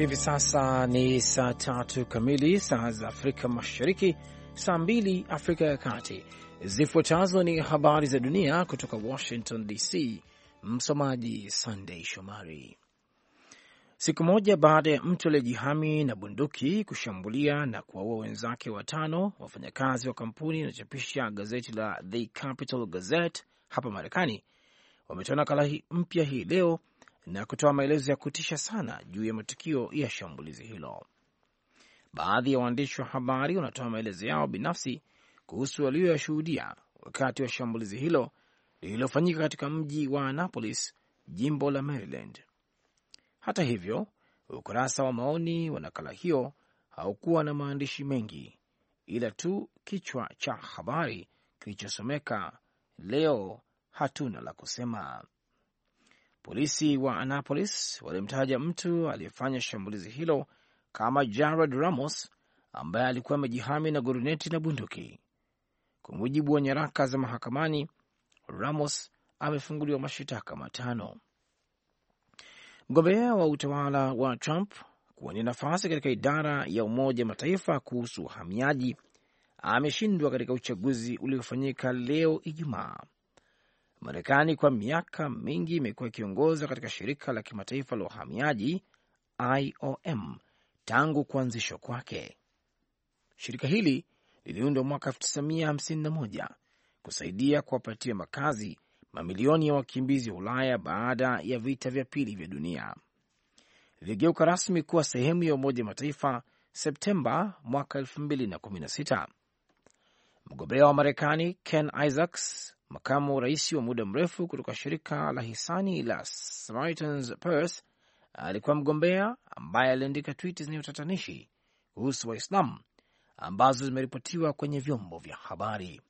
Hivi sasa ni saa tatu kamili saa za Afrika Mashariki, saa mbili Afrika ya Kati. Zifuatazo ni habari za dunia kutoka Washington DC. Msomaji Sandei Shomari. Siku moja baada ya mtu aliyejihami na bunduki kushambulia na kuwaua wenzake watano wafanyakazi wa kampuni inachapisha gazeti la The Capital Gazette hapa Marekani, wametoa nakala mpya hii leo na kutoa maelezo ya kutisha sana juu ya matukio ya shambulizi hilo. Baadhi ya waandishi wa habari wanatoa maelezo yao binafsi kuhusu walioyashuhudia wakati wa shambulizi hilo lililofanyika katika mji wa Annapolis, jimbo la Maryland. Hata hivyo, ukurasa wa maoni wa nakala hiyo haukuwa na maandishi mengi, ila tu kichwa cha habari kilichosomeka leo hatuna la kusema. Polisi wa Annapolis walimtaja mtu aliyefanya shambulizi hilo kama Jared Ramos ambaye alikuwa amejihami na guruneti na bunduki. Kwa mujibu wa nyaraka za mahakamani, Ramos amefunguliwa mashitaka matano. Mgombea wa utawala wa Trump kuwania nafasi katika idara ya Umoja Mataifa kuhusu uhamiaji ameshindwa katika uchaguzi uliofanyika leo Ijumaa Marekani kwa miaka mingi imekuwa ikiongoza katika shirika la kimataifa la uhamiaji IOM tangu kuanzishwa kwake. Shirika hili liliundwa mwaka 1951 kusaidia kuwapatia makazi mamilioni ya wakimbizi wa Ulaya baada ya vita vya pili vya dunia. Liligeuka rasmi kuwa sehemu ya Umoja Mataifa Septemba mwaka 2016. Mgombea wa Marekani Ken Isaacs Makamu rais wa muda mrefu kutoka shirika la hisani la Samaritans Purse alikuwa mgombea ambaye aliandika twiti zinayotatanishi kuhusu waislam ambazo zimeripotiwa kwenye vyombo vya habari.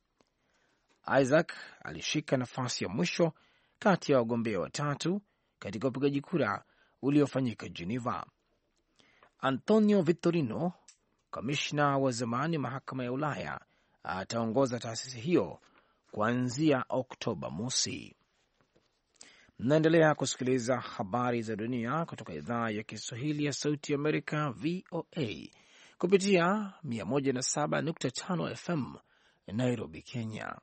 Isaac alishika nafasi ya mwisho kati ya wagombea watatu katika upigaji kura uliofanyika Geneva. Antonio victorino kamishna wa zamani mahakama ya Ulaya, ataongoza taasisi hiyo kuanzia Oktoba mosi. Mnaendelea kusikiliza habari za dunia kutoka idhaa ya Kiswahili ya Sauti Amerika, VOA, kupitia 107.5 FM Nairobi, Kenya.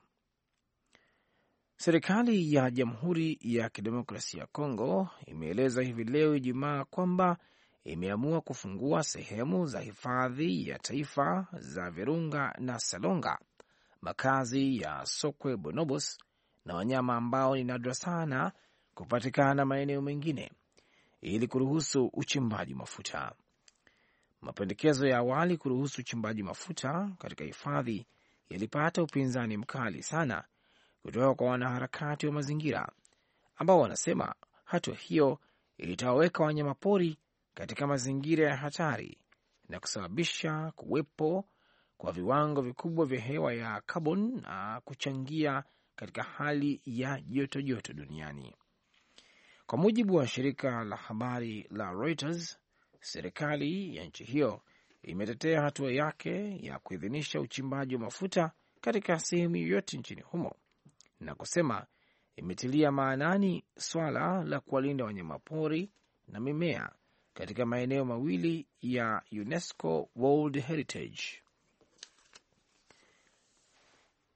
Serikali ya Jamhuri ya Kidemokrasia ya Kongo imeeleza hivi leo Ijumaa kwamba imeamua kufungua sehemu za hifadhi ya taifa za Virunga na Salonga makazi ya sokwe bonobos na wanyama ambao ni nadra sana kupatikana maeneo mengine ili kuruhusu uchimbaji mafuta. Mapendekezo ya awali kuruhusu uchimbaji mafuta katika hifadhi yalipata upinzani mkali sana kutoka kwa wanaharakati wa mazingira ambao wanasema hatua hiyo itawaweka wanyamapori katika mazingira ya hatari na kusababisha kuwepo kwa viwango vikubwa vya hewa ya kaboni na kuchangia katika hali ya joto joto duniani. Kwa mujibu wa shirika la habari la Reuters, serikali ya nchi hiyo imetetea hatua yake ya kuidhinisha uchimbaji wa mafuta katika sehemu yoyote nchini humo na kusema imetilia maanani swala la kuwalinda wanyamapori na mimea katika maeneo mawili ya UNESCO World Heritage.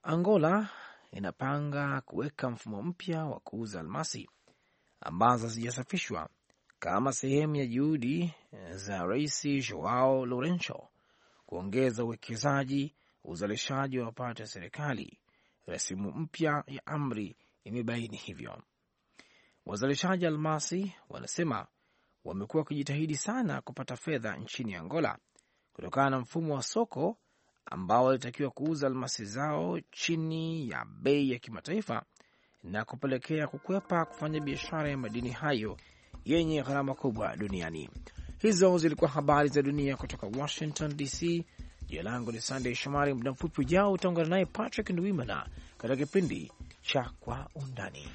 Angola inapanga kuweka mfumo mpya wa kuuza almasi ambazo hazijasafishwa kama sehemu ya juhudi za Rais Joao Lourenco kuongeza uwekezaji, uzalishaji wa mapato ya serikali. Rasimu mpya ya amri imebaini hivyo. Wazalishaji almasi wanasema wamekuwa wakijitahidi sana kupata fedha nchini Angola kutokana na mfumo wa soko ambao walitakiwa kuuza almasi zao chini ya bei ya kimataifa na kupelekea kukwepa kufanya biashara ya madini hayo yenye gharama kubwa duniani. Hizo zilikuwa habari za dunia kutoka Washington DC. Jina langu ni Sandey Shomari. Muda mfupi ujao utaungana naye Patrick Ndwimana katika kipindi cha Kwa Undani.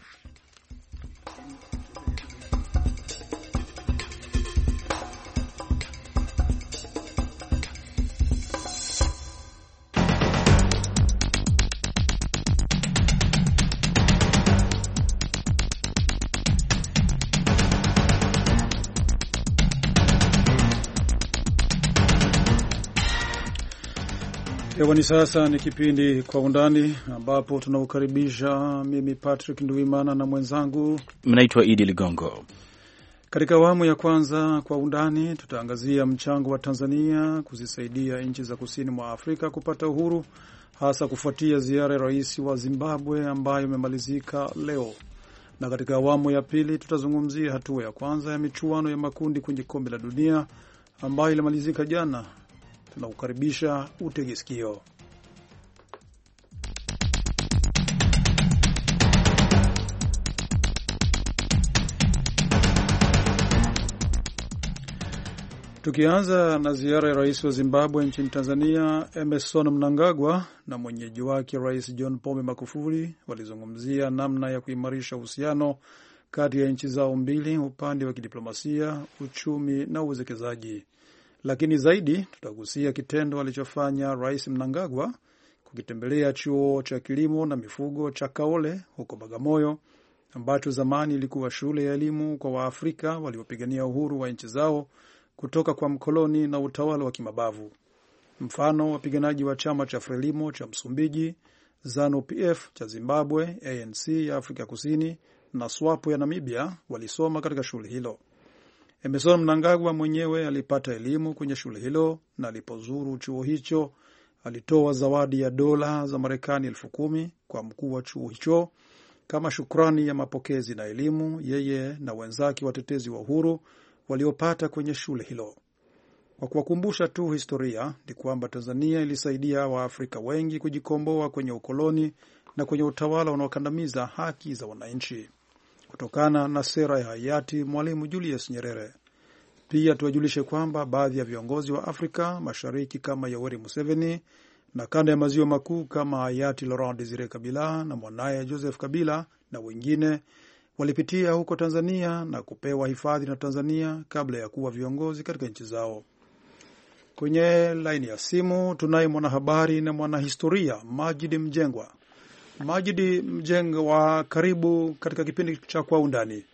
Hewani sasa ni kipindi Kwa Undani, ambapo tunaukaribisha mimi Patrick Nduimana na mwenzangu mnaitwa Idi Ligongo. Katika awamu ya kwanza, Kwa Undani tutaangazia mchango wa Tanzania kuzisaidia nchi za kusini mwa Afrika kupata uhuru, hasa kufuatia ziara ya rais wa Zimbabwe ambayo imemalizika leo. Na katika awamu ya pili tutazungumzia hatua ya kwanza ya michuano ya makundi kwenye kombe la dunia ambayo ilimalizika jana Tunakukaribisha utegeskio Tukianza na ziara ya rais wa Zimbabwe nchini Tanzania, Emerson Mnangagwa na mwenyeji wake Rais John Pombe Magufuli walizungumzia namna ya kuimarisha uhusiano kati ya nchi zao mbili, upande wa kidiplomasia, uchumi na uwezekezaji. Lakini zaidi tutagusia kitendo alichofanya Rais Mnangagwa kukitembelea chuo cha kilimo na mifugo cha Kaole huko Bagamoyo ambacho zamani ilikuwa shule ya elimu kwa Waafrika waliopigania uhuru wa nchi zao kutoka kwa mkoloni na utawala wa kimabavu. Mfano, wapiganaji wa chama cha Frelimo cha Msumbiji, ZANU-PF cha Zimbabwe, ANC ya Afrika Kusini na SWAPO ya Namibia walisoma katika shule hilo. Emerson Mnangagwa mwenyewe alipata elimu kwenye shule hilo na alipozuru chuo hicho alitoa zawadi ya dola za Marekani elfu kumi kwa mkuu wa chuo hicho kama shukrani ya mapokezi na elimu yeye na wenzake watetezi wa uhuru waliopata kwenye shule hilo. Kwa kuwakumbusha tu historia, ni kwamba Tanzania ilisaidia Waafrika wengi kujikomboa kwenye ukoloni na kwenye utawala unaokandamiza haki za wananchi kutokana na sera ya hayati Mwalimu Julius Nyerere. Pia tuwajulishe kwamba baadhi ya viongozi wa Afrika Mashariki kama Yoweri Museveni na kanda ya maziwa makuu kama hayati Laurent Desire Kabila na mwanaye Joseph Kabila na wengine walipitia huko Tanzania na kupewa hifadhi na Tanzania kabla ya kuwa viongozi katika nchi zao. Kwenye laini ya simu tunaye mwanahabari na mwanahistoria Majid Mjengwa Majidi Mjengo wa karibu katika kipindi cha kwa undani.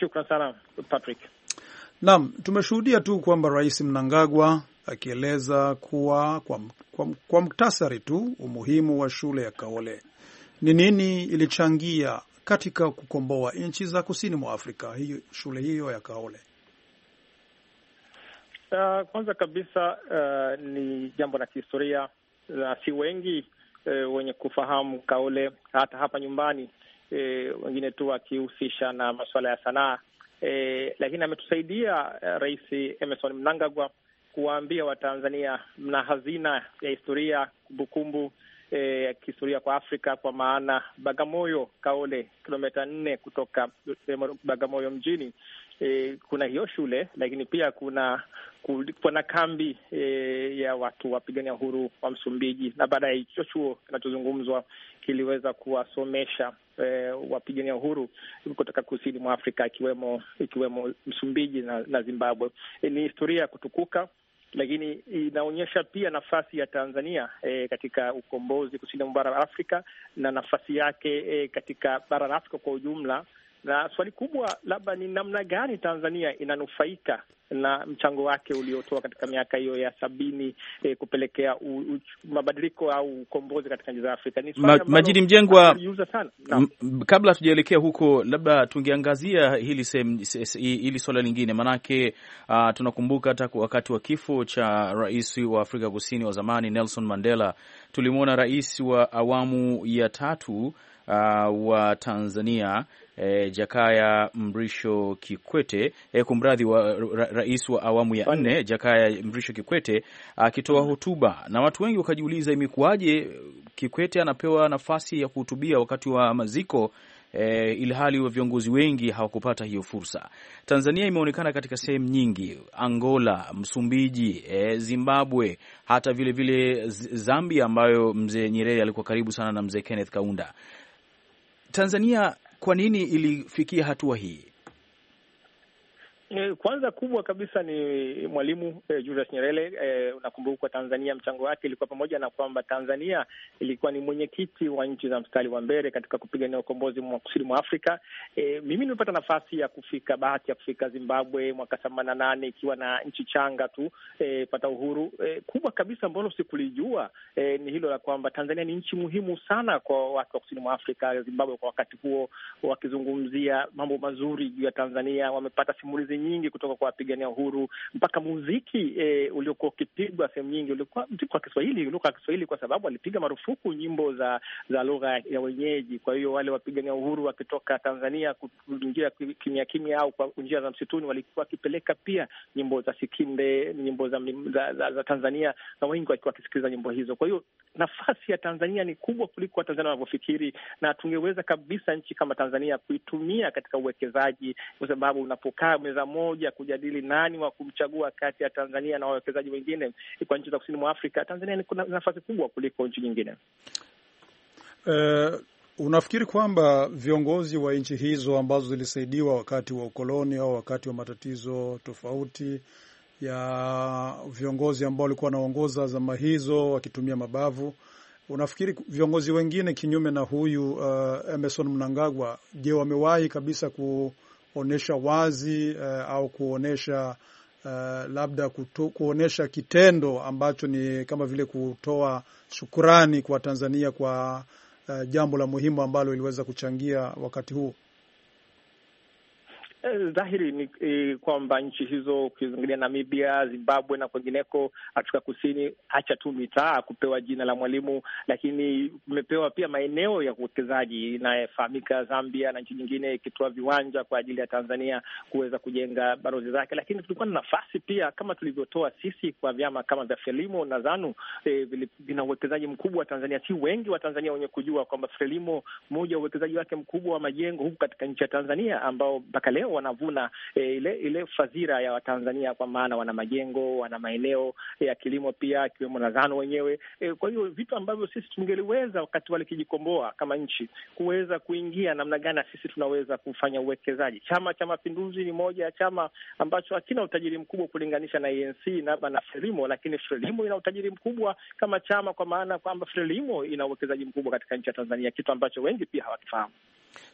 shukran sana Patrick. Naam, tumeshuhudia tu kwamba Rais Mnangagwa akieleza kuwa kwa, kwa, kwa mktasari tu umuhimu wa shule ya Kaole. Ni nini ilichangia katika kukomboa nchi za kusini mwa Afrika hiyo shule hiyo ya Kaole? Uh, kwanza kabisa uh, ni jambo la kihistoria na si wengi e, wenye kufahamu kaole hata hapa nyumbani e, wengine tu wakihusisha na masuala ya sanaa e, lakini ametusaidia Rais Emerson Mnangagwa kuwaambia Watanzania mna hazina ya historia, kumbukumbu ya e, kihistoria kwa Afrika, kwa maana Bagamoyo Kaole, kilomita nne kutoka Bagamoyo mjini e, kuna hiyo shule lakini pia kuna kuna kambi e, ya watu wapigania uhuru wa Msumbiji, na baadaye hicho chuo kinachozungumzwa kiliweza kuwasomesha e, wapigania uhuru kutoka kusini mwa Afrika ikiwemo ikiwemo Msumbiji na, na Zimbabwe. E, ni historia ya kutukuka lakini inaonyesha pia nafasi ya Tanzania e, katika ukombozi kusini mwa bara la Afrika na nafasi yake e, katika bara la Afrika kwa ujumla na swali kubwa labda ni namna gani Tanzania inanufaika na mchango wake uliotoa katika miaka hiyo ya sabini e, kupelekea u, u, mabadiliko au ukombozi katika nchi za Afrika. Ni Ma, Majidi Mjengwa, kabla hatujaelekea huko, labda tungeangazia hili sehemu, hili swala lingine maanake, uh, tunakumbuka hata wakati wa kifo cha rais wa Afrika Kusini wa zamani Nelson Mandela tulimwona rais wa awamu ya tatu uh, wa Tanzania E, Jakaya Mrisho Kikwete e, kumradhi wa ra, rais wa awamu ya nne Jakaya Mrisho Kikwete akitoa hotuba, na watu wengi wakajiuliza imekuwaje Kikwete anapewa nafasi ya kuhutubia wakati wa maziko E, ilhali wa viongozi wengi hawakupata hiyo fursa. Tanzania imeonekana katika sehemu nyingi, Angola, Msumbiji, e, Zimbabwe, hata vilevile vile Zambia ambayo mzee Nyerere alikuwa karibu sana na mzee Kenneth Kaunda. Tanzania kwa nini ilifikia hatua hii? Eh, kwanza kubwa kabisa ni Mwalimu eh, Julius Nyerere. Eh, unakumbuka Tanzania mchango wake ilikuwa pamoja na kwamba Tanzania ilikuwa ni mwenyekiti wa nchi za mstari wa mbele katika kupigania ukombozi wa kusini mwa Afrika. Eh, mimi nimepata nafasi ya kufika, bahati ya kufika Zimbabwe mwaka themanini na nane ikiwa na nchi changa tu eh, pata uhuru. Eh, kubwa kabisa ambalo sikulijua eh, ni hilo la kwamba Tanzania ni nchi muhimu sana kwa watu wa kusini mwa Afrika. Zimbabwe kwa wakati huo wakizungumzia mambo mazuri juu ya Tanzania, wamepata simulizi nyingi kutoka kwa wapigania uhuru mpaka muziki e, uliokuwa ukipigwa sehemu nyingi ulikuwa wa Kiswahili, lugha ya Kiswahili, kwa sababu alipiga marufuku nyimbo za za lugha ya wenyeji. Kwa hiyo wale wapigania uhuru wakitoka Tanzania kuingia kimya kimya au kwa njia za msituni, walikuwa wakipeleka pia nyimbo za Sikimbe, nyimbo za, za, za, za Tanzania, na wengi wakiwa wakisikiliza nyimbo hizo. Kwa hiyo nafasi ya Tanzania ni kubwa kuliko Watanzania wanavyofikiri, na tungeweza kabisa nchi kama Tanzania kuitumia katika uwekezaji, kwa sababu unapokaa meza la moja kujadili nani wa kumchagua kati ya Tanzania na wawekezaji wengine kwa nchi za kusini mwa Afrika. Tanzania kuna nafasi kubwa kuliko nchi nyingine. Uh, unafikiri kwamba viongozi wa nchi hizo ambazo zilisaidiwa wakati wa ukoloni au wakati wa matatizo tofauti ya viongozi ambao walikuwa wanaongoza zama hizo wakitumia mabavu, unafikiri viongozi wengine kinyume na huyu uh, Emerson Mnangagwa, je, wamewahi kabisa ku kuonyesha wazi uh, au kuonyesha uh, labda kuto, kuonyesha kitendo ambacho ni kama vile kutoa shukurani kwa Tanzania kwa uh, jambo la muhimu ambalo iliweza kuchangia wakati huu. Eh, dhahiri ni e, kwamba nchi hizo ukizingalia Namibia, Zimbabwe na kwengineko Afrika Kusini, hacha tu mitaa kupewa jina la mwalimu, lakini umepewa pia maeneo ya uwekezaji inayefahamika Zambia na nchi nyingine, ikitoa viwanja kwa ajili ya Tanzania kuweza kujenga balozi zake. Lakini tulikuwa na nafasi pia kama tulivyotoa sisi kwa vyama kama vya Frelimo na ZANU e, vina uwekezaji mkubwa wa Tanzania. Si wengi wa Tanzania wenye kujua kwamba Frelimo moja uwekezaji wake mkubwa wa majengo huku katika nchi ya Tanzania ambao mpaka leo wanavuna e, ile ile fadhila ya Watanzania, kwa maana wana majengo, wana maeneo eh, ya kilimo pia akiwemo na zano wenyewe e, kwa hiyo vitu ambavyo sisi tungeliweza wakati walikijikomboa kama nchi kuweza kuingia namna gani na sisi tunaweza kufanya uwekezaji. Chama cha Mapinduzi ni moja ya chama ambacho hakina utajiri mkubwa kulinganisha na ANC na, na Frelimo, lakini Frelimo ina utajiri mkubwa kama chama, kwa maana kwamba Frelimo ina uwekezaji mkubwa katika nchi ya Tanzania, kitu ambacho wengi pia hawakifahamu.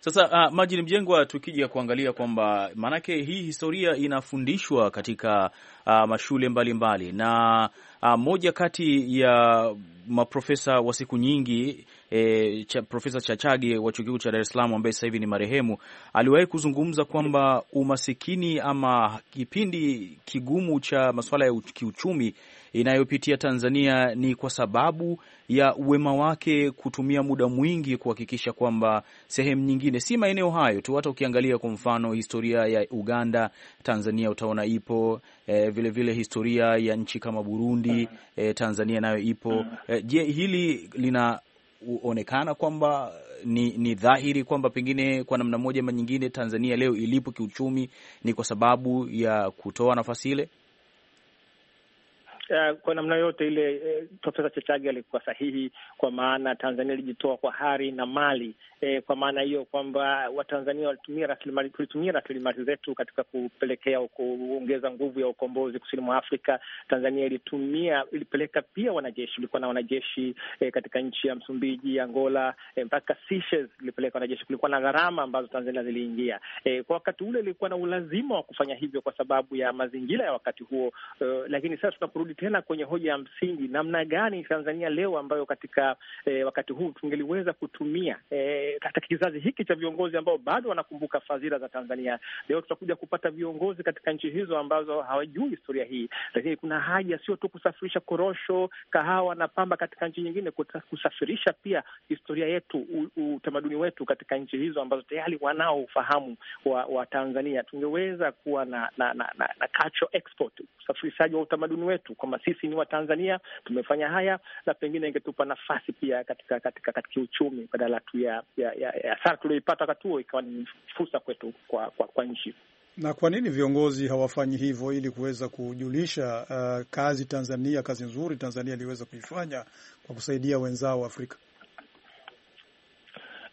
Sasa uh, Majini Mjengwa, tukija kuangalia kwamba maanake hii historia inafundishwa katika uh, mashule mbalimbali mbali. Na uh, moja kati ya maprofesa wa siku nyingi E, cha, Profesa Chachage wa chuo kikuu cha Dar es Salaam ambaye sasa hivi ni marehemu aliwahi kuzungumza kwamba umasikini ama kipindi kigumu cha masuala ya kiuchumi inayopitia Tanzania ni kwa sababu ya uwema wake kutumia muda mwingi kuhakikisha kwamba sehemu nyingine, si maeneo hayo tu, hata ukiangalia kwa mfano historia ya Uganda, Tanzania utaona ipo. E, vilevile vile historia ya nchi kama Burundi, e, Tanzania nayo ipo. E, je, hili linaonekana kwamba ni, ni dhahiri kwamba pengine kwa namna moja ama nyingine Tanzania leo ilipo kiuchumi ni kwa sababu ya kutoa nafasi ile? uh, kwa namna yote ile eh, Profesa Chechagi alikuwa sahihi, kwa maana Tanzania ilijitoa kwa hari na mali eh, kwa maana hiyo kwamba Watanzania walitumia rasilimali, tulitumia rasilimali zetu katika kupelekea kuongeza nguvu ya ukombozi kusini mwa Afrika. Tanzania ilitumia ilipeleka pia wanajeshi, ulikuwa na wanajeshi eh, katika nchi ya Msumbiji, Angola eh, mpaka Seychelles ilipeleka wanajeshi. Kulikuwa na gharama ambazo Tanzania ziliingia eh, kwa wakati ule ilikuwa na ulazima wa kufanya hivyo kwa sababu ya mazingira ya wakati huo uh, lakini sasa tunaporudi tena kwenye hoja ya msingi, namna gani Tanzania leo ambayo katika eh, wakati huu tungeliweza kutumia eh, katika kizazi hiki cha viongozi ambao bado wanakumbuka fadhila za Tanzania. Leo tutakuja kupata viongozi katika nchi hizo ambazo hawajui historia hii, lakini kuna haja sio tu kusafirisha korosho, kahawa na pamba katika nchi nyingine, kusafirisha pia historia yetu, utamaduni wetu katika nchi hizo ambazo tayari wanao ufahamu wa, wa Tanzania. Tungeweza kuwa na na, na, na, na cultural export, usafirishaji wa utamaduni wetu kwa kwamba sisi ni Watanzania, tumefanya haya, na pengine ingetupa nafasi pia katika katika katika uchumi badala tu ya ya, ya, ya sara tulioipata wakati huo ikawa ni fursa kwetu kwa, kwa, kwa nchi na kwa nini viongozi hawafanyi hivyo ili kuweza kujulisha uh, kazi Tanzania, kazi nzuri Tanzania iliweza kuifanya kwa kusaidia wenzao wa Afrika?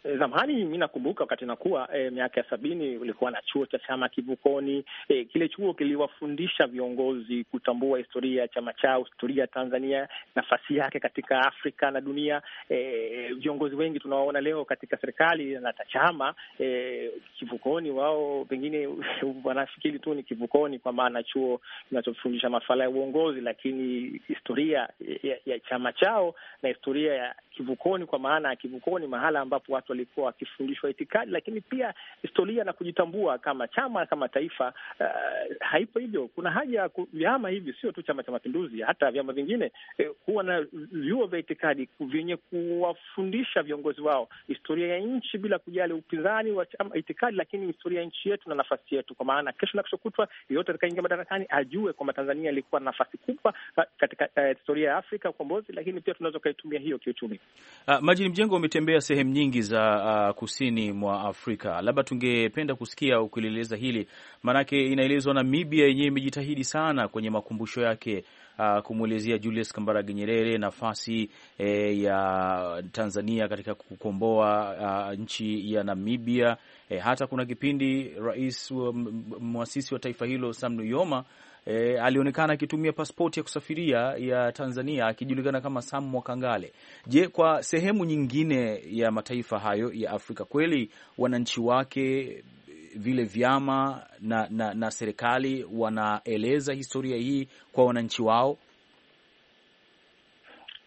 Eh, zamani mi nakumbuka wakati nakuwa e, miaka ya sabini ulikuwa na chuo cha chama kivukoni. E, kile chuo kiliwafundisha viongozi kutambua historia ya chama chao, historia ya Tanzania, nafasi yake katika Afrika na dunia. E, viongozi wengi tunawaona leo katika serikali na hata chama e, kivukoni, wao pengine wanafikiri tu ni kivukoni, kwa maana chuo kinachofundisha masuala ya uongozi, lakini historia ya, ya chama chao na historia ya kivukoni, kwa maana ya kivukoni, mahala ambapo watu walikuwa wakifundishwa itikadi, lakini pia historia na kujitambua kama chama kama taifa. Uh, haipo hivyo. Kuna haja ya vyama hivi, sio tu Chama cha Mapinduzi, hata vyama vingine eh, kuwa na vyuo vya itikadi vyenye kuwafundisha viongozi wao historia ya nchi bila kujali upinzani wa chama itikadi, lakini historia ya nchi yetu na nafasi yetu, kwa maana kesho na kesho kutwa yeyote atakaingia madarakani ajue kwamba Tanzania ilikuwa na nafasi kubwa eh, katika uh, historia ya Afrika ukombozi, lakini pia tunaweza ukaitumia hiyo kiuchumi. Uh, Majini Mjengo, umetembea sehemu nyingi za uh, kusini mwa Afrika, labda tungependa kusikia ukilieleza hili, maanake inaelezwa Namibia yenyewe imejitahidi sana kwenye makumbusho yake uh, kumwelezea Julius Kambarage Nyerere, nafasi eh, ya Tanzania katika kukomboa uh, nchi ya Namibia. Eh, hata kuna kipindi rais mwasisi wa taifa hilo Sam Nujoma e, alionekana akitumia paspoti ya kusafiria ya Tanzania akijulikana kama Sam Mwakangale. Je, kwa sehemu nyingine ya mataifa hayo ya Afrika kweli wananchi wake vile vyama na, na, na serikali wanaeleza historia hii kwa wananchi wao?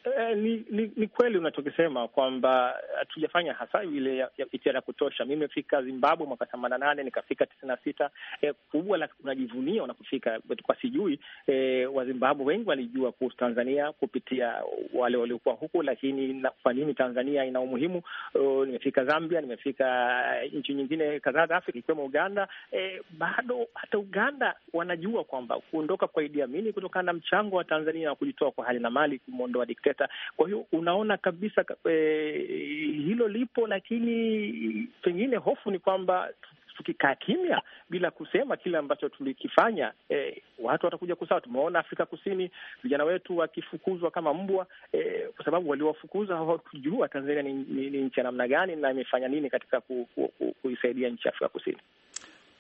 Eh, ni, ni, ni kweli unachokisema kwamba hatujafanya hasa ile jitihada ya kutosha. Mimi nimefika Zimbabwe mwaka themanini na nane nikafika tisini na sita eh, kubwa la unajivunia unapofika kwa sijui eh, Wazimbabwe wengi walijua kuhusu Tanzania kupitia wale waliokuwa huku, lakini kwa nini Tanzania ina umuhimu? Uh, nimefika Zambia, nimefika eh, nchi nyingine kadhaa za Afrika ikiwemo Uganda. Eh, bado hata Uganda wanajua kwamba kuondoka kwa Idi Amini kutokana na mchango wa Tanzania wa kujitoa kwa hali na mali kumwondoa dikteta dikteta. Kwa hiyo unaona kabisa eh, hilo lipo, lakini pengine hofu ni kwamba tukikaa kimya bila kusema kile ambacho tulikifanya, eh, watu watakuja kusawa. Tumeona Afrika Kusini vijana wetu wakifukuzwa kama mbwa, eh, kwa sababu waliowafukuza hawakujua Tanzania ni, ni, ni nchi ya namna gani na imefanya nini katika ku, ku, ku, kuisaidia nchi ya Afrika Kusini.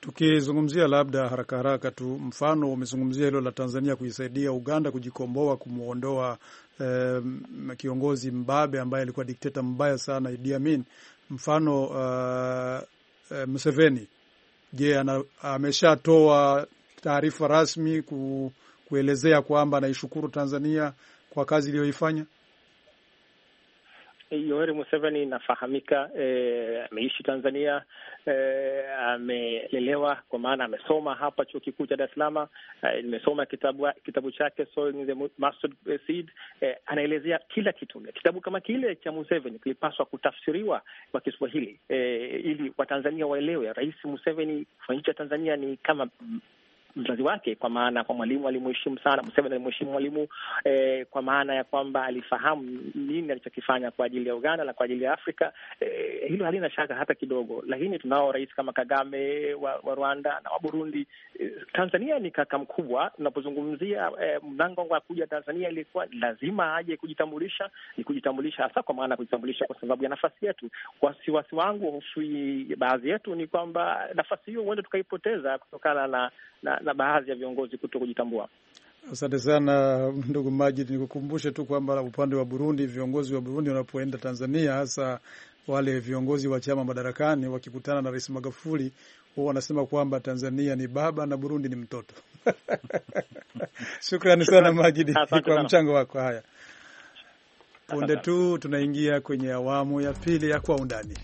Tukizungumzia labda haraka haraka tu, mfano umezungumzia hilo la Tanzania kuisaidia Uganda kujikomboa, kumwondoa um, kiongozi mbabe ambaye alikuwa dikteta mbaya sana Idi Amin, mfano uh, eh, Museveni. Je, ameshatoa taarifa rasmi ku, kuelezea kwamba anaishukuru Tanzania kwa kazi iliyoifanya? Eh, Yoweri Museveni inafahamika, eh, ameishi Tanzania, eh, amelelewa kwa maana amesoma hapa chuo kikuu cha Dar es Salaam. Eh, nimesoma kitabu kitabu chake Sowing the Mustard Seed. Eh, anaelezea kila kitu. Kitabu kama kile cha Museveni kilipaswa kutafsiriwa kwa Kiswahili eh, ili Watanzania waelewe Rais Museveni, nchi ya Tanzania ni kama mzazi wake, kwa maana kwa mwalimu alimuheshimu sana, Museveni alimuheshimu mwalimu eh, kwa maana ya kwamba alifahamu nini alichokifanya kwa ajili ya Uganda na kwa ajili ya Afrika. Eh, hilo halina shaka hata kidogo, lakini tunao rais kama Kagame wa, wa Rwanda na wa Burundi. Eh, Tanzania ni kaka mkubwa tunapozungumzia eh, mlango wa kuja Tanzania ilikuwa lazima aje kujitambulisha, ni kujitambulisha hasa, kwa maana ya kujitambulisha kwa sababu ya nafasi yetu. Wasiwasi wangu, hofu baadhi yetu ni kwamba nafasi hiyo huenda tukaipoteza kutokana na, na za baadhi ya viongozi kuto kujitambua. Asante sana ndugu Majid, nikukumbushe tu kwamba upande wa Burundi, viongozi wa Burundi wanapoenda Tanzania, hasa wale viongozi wa chama madarakani, wakikutana na Rais Magufuli huwa wanasema kwamba Tanzania ni baba na Burundi ni mtoto. Shukrani sana Majid kwa mchango wako. Haya, punde tu tunaingia kwenye awamu ya pili ya Kwa Undani.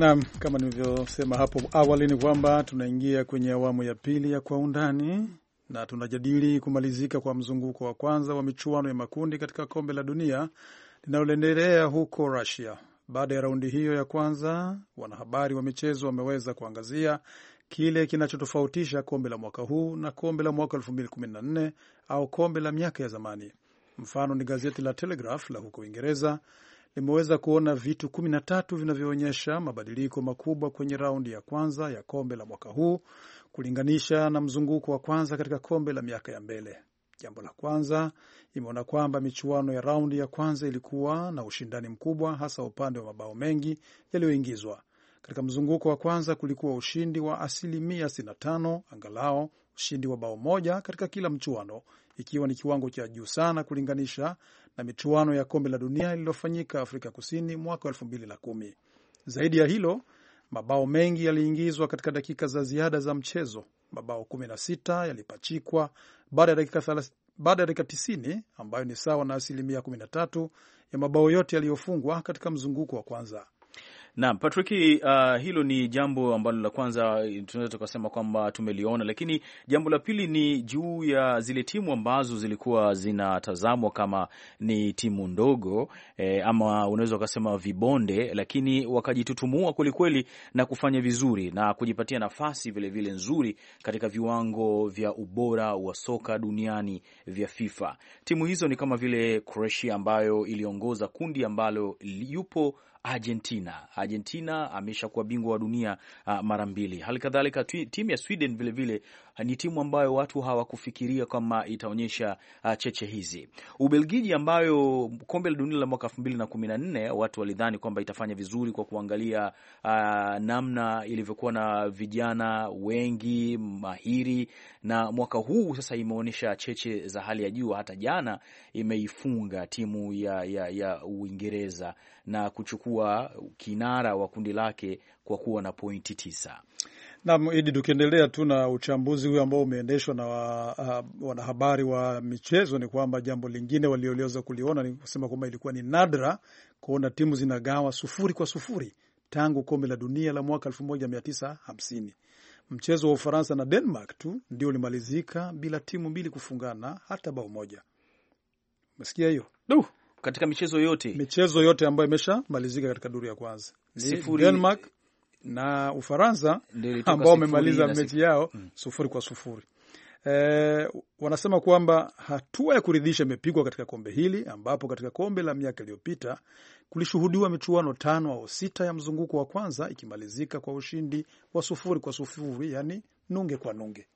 Naam, kama nilivyosema hapo awali ni kwamba tunaingia kwenye awamu ya pili ya kwa undani na tunajadili kumalizika kwa mzunguko wa kwanza wa michuano ya makundi katika kombe la dunia linaloendelea huko Russia. Baada ya raundi hiyo ya kwanza, wanahabari wa michezo wameweza kuangazia kile kinachotofautisha kombe la mwaka huu na kombe la mwaka 2014 au kombe la miaka ya zamani. Mfano ni gazeti la Telegraph la huko Uingereza limeweza kuona vitu kumi na tatu vinavyoonyesha mabadiliko makubwa kwenye raundi ya kwanza ya kombe la mwaka huu kulinganisha na mzunguko wa kwanza katika kombe la miaka ya mbele. Jambo la kwanza, imeona kwamba michuano ya raundi ya kwanza ilikuwa na ushindani mkubwa, hasa upande wa mabao mengi yaliyoingizwa. Katika mzunguko wa kwanza kulikuwa ushindi wa asilimia 65, angalao ushindi wa bao moja katika kila mchuano, ikiwa ni kiwango cha juu sana kulinganisha na michuano ya kombe la dunia lililofanyika Afrika Kusini mwaka elfu mbili na kumi. Zaidi ya hilo, mabao mengi yaliingizwa katika dakika za ziada za mchezo. Mabao 16 yalipachikwa baada ya dakika baada ya dakika 90 ambayo ni sawa na asilimia 13 ya mabao yote yaliyofungwa katika mzunguko wa kwanza. Naam, Patrick, uh, hilo ni jambo ambalo la kwanza eh, tunaweza tukasema kwamba tumeliona, lakini jambo la pili ni juu ya zile timu ambazo zilikuwa zinatazamwa kama ni timu ndogo eh, ama unaweza ukasema vibonde, lakini wakajitutumua kwelikweli na kufanya vizuri na kujipatia nafasi vilevile vile nzuri katika viwango vya ubora wa soka duniani vya FIFA. Timu hizo ni kama vile Croatia ambayo iliongoza kundi ambalo yupo Argentina. Argentina ameshakuwa bingwa wa dunia uh, mara mbili. Hali kadhalika timu ya Sweden vilevile ni timu ambayo watu hawakufikiria kwamba itaonyesha uh, cheche hizi. Ubelgiji ambayo kombe la dunia la mwaka elfu mbili na kumi na nne watu walidhani kwamba itafanya vizuri kwa kuangalia uh, namna ilivyokuwa na vijana wengi mahiri, na mwaka huu sasa imeonyesha cheche za hali ya juu. Hata jana imeifunga timu ya, ya, ya Uingereza na kuchukua kinara wa kundi lake kwa kuwa na pointi tisa. Nam Idi, tukiendelea tu na uchambuzi huyo ambao umeendeshwa na wa, wanahabari wa michezo, ni kwamba jambo lingine walioliweza kuliona ni kusema kwamba ilikuwa ni nadra kuona timu zinagawa sufuri kwa sufuri tangu kombe la dunia la mwaka 1950. Mchezo wa Ufaransa na Denmark tu ndio ulimalizika bila timu mbili kufungana hata bao moja. Umesikia hiyo? katika michezo yote, michezo yote ambayo imeshamalizika katika duru ya kwanza ni Denmark na Ufaransa ambao wamemaliza mechi yao mm, sufuri kwa sufuri. E, wanasema kwamba hatua ya kuridhisha imepigwa katika kombe hili ambapo katika kombe la miaka iliyopita kulishuhudiwa michuano tano au sita ya mzunguko wa kwanza ikimalizika kwa ushindi wa sufuri kwa sufuri, yani nunge kwa nunge.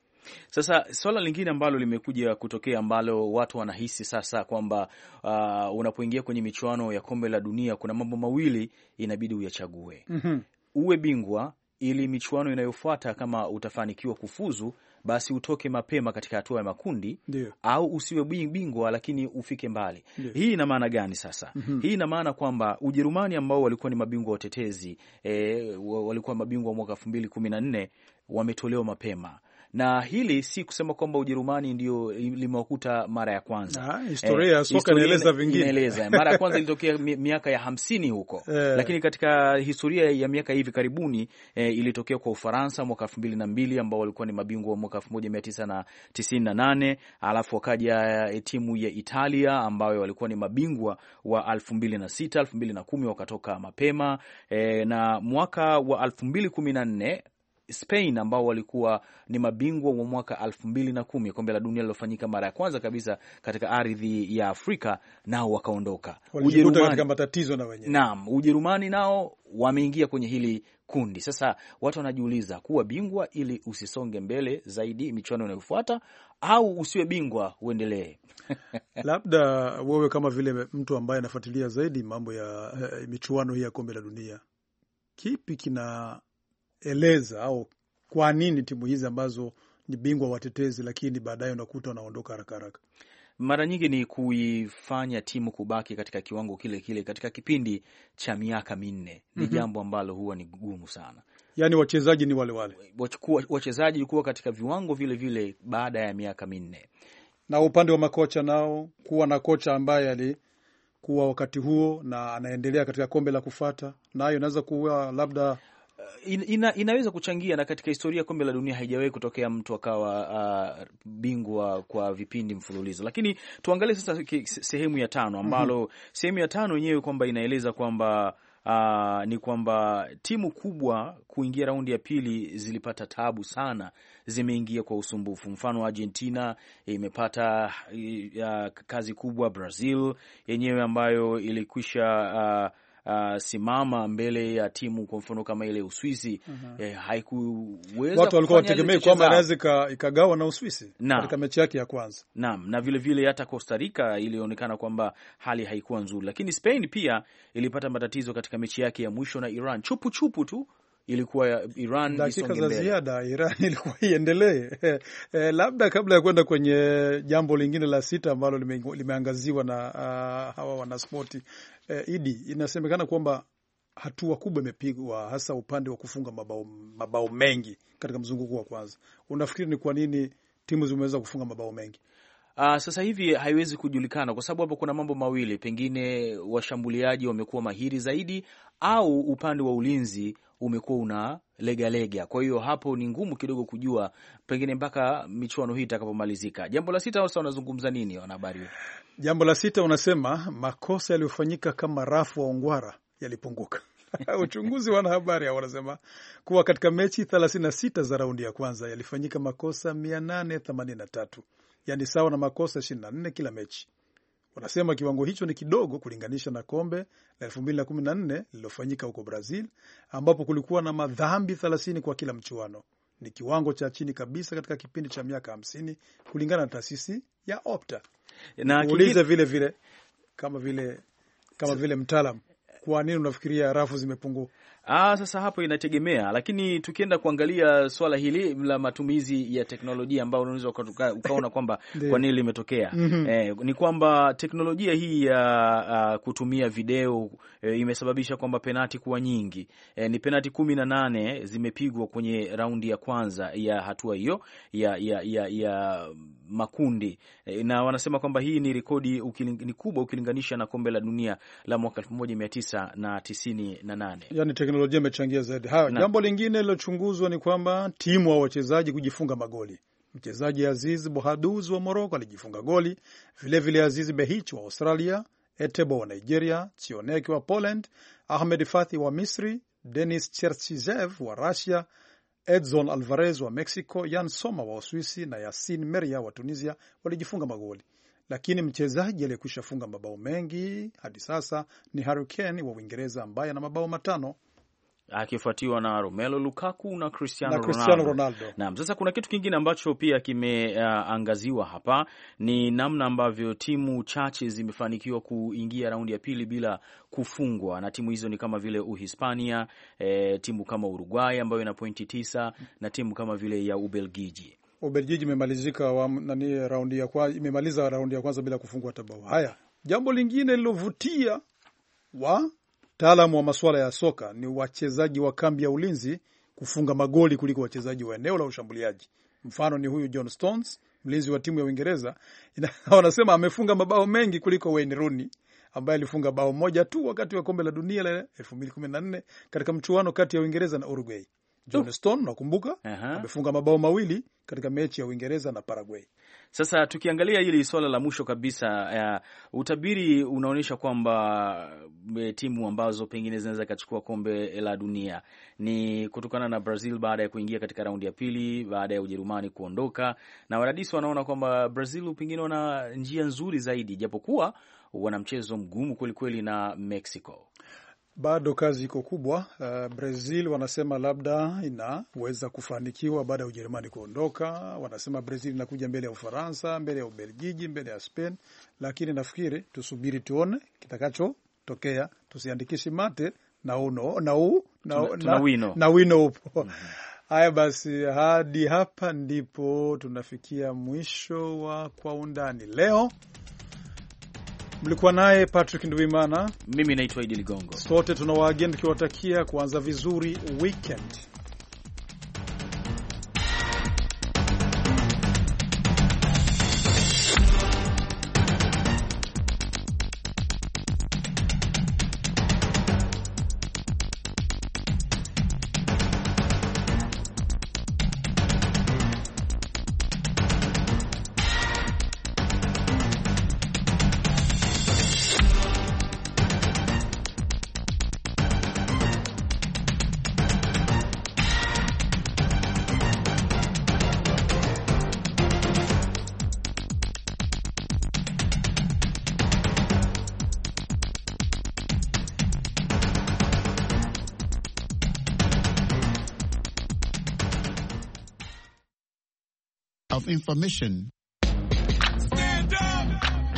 Sasa swala lingine ambalo limekuja kutokea ambalo watu wanahisi sasa kwamba uh, unapoingia kwenye michuano ya kombe la dunia kuna mambo mawili inabidi uyachague. mm -hmm uwe bingwa ili michuano inayofuata kama utafanikiwa kufuzu basi utoke mapema katika hatua ya makundi Dio. au usiwe bingwa lakini ufike mbali Dio. Hii ina maana gani sasa? mm -hmm. Hii ina maana kwamba Ujerumani ambao walikuwa ni mabingwa watetezi e, walikuwa mabingwa mwaka elfu mbili kumi na nne wametolewa mapema na hili si kusema kwamba Ujerumani ndio limewakuta mara ya kwanza. Ah, historia ya eh, soka inaeleza vingine, inaeleza mara ya kwanza ilitokea miaka ya hamsini huko eh, lakini katika historia ya miaka hivi karibuni eh, ilitokea kwa Ufaransa mwaka elfu mbili na mbili ambao walikuwa ni mabingwa wa mwaka elfu moja mia tisa na tisini na nane alafu wakaja eh, timu ya Italia ambayo walikuwa ni mabingwa wa elfu mbili na sita elfu mbili na kumi wakatoka mapema eh, na mwaka wa elfu mbili kumi na nne Spain ambao walikuwa ni mabingwa wa mwaka elfu mbili na kumi kombe la dunia lilofanyika mara ya kwanza kabisa katika ardhi ya Afrika, nao wakaondoka. Naam, Ujerumani nao wameingia kwenye hili kundi sasa. Watu wanajiuliza kuwa bingwa ili usisonge mbele zaidi michuano inayofuata, au usiwe bingwa uendelee? Labda wewe kama vile mtu ambaye anafuatilia zaidi mambo ya eh, michuano hii ya kombe la dunia, kipi kina eleza au kwa nini timu hizi ambazo ni bingwa watetezi, lakini baadaye unakuta wanaondoka haraka haraka mara nyingi ni kuifanya timu kubaki katika kiwango kile kile katika kipindi cha miaka minne. Ni mm -hmm. jambo ambalo huwa ni gumu sana, Yani wachezaji ni walewale wale. Wachezaji kuwa katika viwango vile vile baada ya miaka minne, na upande wa makocha nao kuwa na kocha ambaye alikuwa wakati huo na anaendelea katika kombe la kufata, nayo inaweza kuwa labda Eh, ina, inaweza kuchangia na katika historia ya kombe la dunia haijawahi kutokea mtu akawa uh, bingwa kwa vipindi mfululizo. Lakini tuangalie sasa sehemu ya tano ambalo mm -hmm. sehemu ya tano yenyewe kwamba inaeleza kwamba Uh, ni kwamba timu kubwa kuingia raundi ya pili zilipata tabu sana, zimeingia kwa usumbufu. Mfano Argentina imepata uh, kazi kubwa. Brazil yenyewe ambayo ilikwisha uh, uh, simama mbele ya timu kwa mfano kama ile Uswisi mm -hmm. eh, haikuweza watu walikuwa wategemei kwamba inaweza ikagawa na Uswisi katika mechi yake ya kwanza. Naam, na vile vile hata Costa Rica ilionekana kwamba hali haikuwa nzuri, lakini Spain pia ilipata matatizo katika mechi yake ya mwisho na Iran, chupu chupu tu ilikuwa Iran dakika za ziada, Iran ilikuwa iendelee e, labda kabla ya kwenda kwenye jambo lingine la sita ambalo lime, limeangaziwa na uh, hawa wanaspoti e, idi inasemekana kwamba hatua kubwa imepigwa hasa upande wa kufunga mabao, mabao mengi katika mzunguko wa kwanza. Unafikiri ni kwa nini timu zimeweza kufunga mabao mengi? Uh, sasa hivi haiwezi kujulikana kwa sababu hapo kuna mambo mawili, pengine washambuliaji wamekuwa mahiri zaidi au upande wa ulinzi umekuwa una legalega. Kwa hiyo hapo ni ngumu kidogo kujua, pengine mpaka michuano hii itakapomalizika. Jambo la sita, sasa wanazungumza nini wanahabari? Jambo la sita unasema makosa yaliyofanyika kama rafu wa Ongwara yalipunguka. Uchunguzi wa wanahabari hao wanasema kuwa katika mechi 36 za raundi ya kwanza yalifanyika makosa 883 yaani sawa na makosa 24 kila mechi. Wanasema kiwango hicho ni kidogo kulinganisha na kombe la 2014 lililofanyika huko Brazil, ambapo kulikuwa na madhambi 30 kwa kila mchuano. Ni kiwango cha chini kabisa katika kipindi cha miaka hamsini kulingana na taasisi ya Opta. Na ulize vile vile kama vile, kama vile mtaalam, kwa nini unafikiria rafu zimepungua? Ah, sasa hapo inategemea, lakini tukienda kuangalia swala hili la matumizi ya teknolojia ambayo unaweza ukaona kwamba kwa nini limetokea. mm -hmm. Eh, ni kwamba teknolojia hii ya uh, kutumia video eh, imesababisha kwamba penati kuwa nyingi. Eh, ni penati kumi na nane zimepigwa kwenye raundi ya kwanza ya hatua hiyo ya, ya, ya, ya makundi eh, na wanasema kwamba hii ni rekodi ukiling, ni kubwa ukilinganisha na kombe la dunia la mwaka 1998 yani, teknolojia imechangia zaidi. Haya, jambo lingine lilochunguzwa ni kwamba timu wa wachezaji kujifunga magoli. Mchezaji Aziz Bohaduz wa Moroko alijifunga goli, vilevile Aziz Behich wa Australia, Etebo wa Nigeria, Cionek wa Poland, Ahmed Fathi wa Misri, Denis Cherchizev wa Russia, Edson Alvarez wa Mexico, Yan Soma wa Uswisi na Yasin Meria wa Tunisia walijifunga magoli, lakini mchezaji aliyekwisha funga mabao mengi hadi sasa ni Harry Kane wa Uingereza ambaye ana mabao matano akifuatiwa na Romelu Lukaku na Cristiano, na Cristiano Ronaldo. Ronaldo. Naam, sasa kuna kitu kingine ambacho pia kimeangaziwa uh, hapa ni namna ambavyo timu chache zimefanikiwa kuingia raundi ya pili bila kufungwa, na timu hizo ni kama vile Uhispania, eh, timu kama Uruguay ambayo ina pointi tisa na timu kama vile ya Ubelgiji. Ubelgiji imemalizika nani raundi ya kwanza, imemaliza raundi ya kwanza bila kufungwa tabao. Haya, jambo lingine lilovutia wa Mtaalamu wa masuala ya soka ni wachezaji wa kambi ya ulinzi kufunga magoli kuliko wachezaji wa eneo la ushambuliaji. Mfano ni huyu John Stones, mlinzi wa timu ya Uingereza, wanasema amefunga mabao mengi kuliko Wayne Rooney ambaye alifunga bao moja tu wakati wa kombe la dunia la elfu mbili kumi na nne katika mchuano kati ya Uingereza na Uruguay. John uh. Stone nakumbuka amefunga mabao mawili katika mechi ya Uingereza na Paraguay. Sasa tukiangalia hili swala la mwisho kabisa, uh, utabiri unaonyesha kwamba uh, timu ambazo pengine zinaweza ikachukua kombe la dunia ni kutokana na Brazil baada ya kuingia katika raundi ya pili baada ya Ujerumani kuondoka, na wadadisi wanaona kwamba Brazil pengine wana njia nzuri zaidi, japokuwa wana mchezo mgumu kwelikweli na Mexico bado kazi iko kubwa. Uh, Brazil wanasema labda inaweza kufanikiwa baada ya Ujerumani kuondoka. Wanasema Brazil inakuja mbele ya Ufaransa, mbele ya Ubelgiji, mbele ya Spain, lakini nafikiri tusubiri tuone kitakachotokea. tusiandikishi mate na uno, na, u, na, tuna, tuna wino. Na wino upo. Mhm. Haya basi, hadi hapa ndipo tunafikia mwisho wa Kwa Undani leo. Mlikuwa naye Patrick Nduimana, mimi naitwa Idi Ligongo. Sote tuna waageni tukiwatakia kuanza vizuri weekend. information